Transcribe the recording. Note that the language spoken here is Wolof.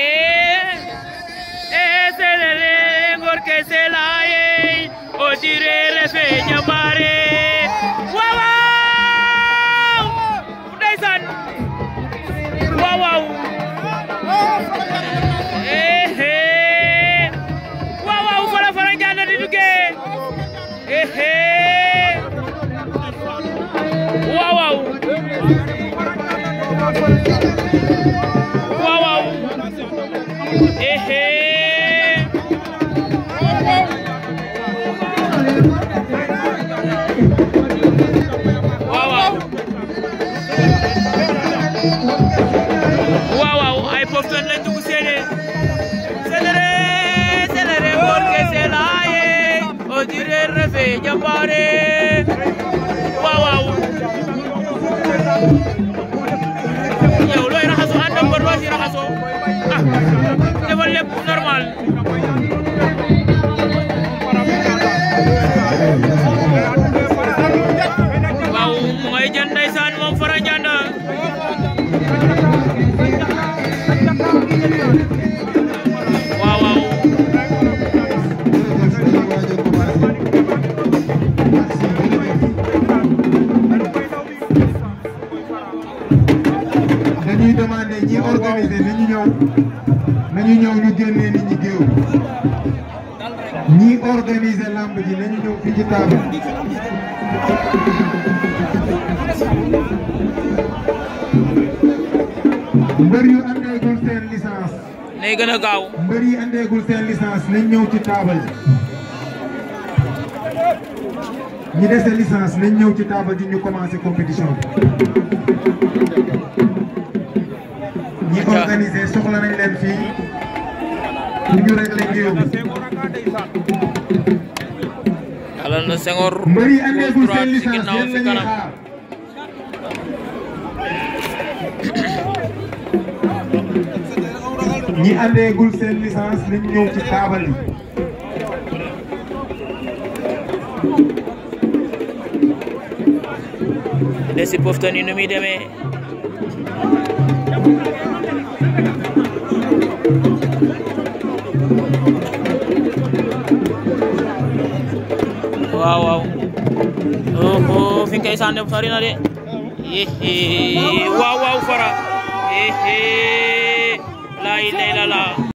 eeselele ngor ke selaye o direre fe ñamare wawaw ndeysaan wawaw ehe wawaw fara fara njana di duge ehe wawaw Yo, lo he rajado, anda por lo he rajado. defal lépp normal tey ñi organisé nañu ñëw ñu génnee nit ñi géew ñi organisé lamb ji nañu ñëw fii ci table. mbër yu àndeegul seen licence. nay gën a gaaw. mbër yi àndeegul seen nañ ñëw ci table. ñi dese licence nañ ñëw ci table ji ñu commencé compétition organisé soxla nañ leen fii ñu réglé géew alal na Senghor mbër yi andeegul seen licence yéen lañuy xaar ñi andeegul seen licence nañ ñëw ci taabal yi desi poftan yi nu muy demee waaw waaw oh, oh, fi kay saan dem sori na waaw waaw fara eh eh la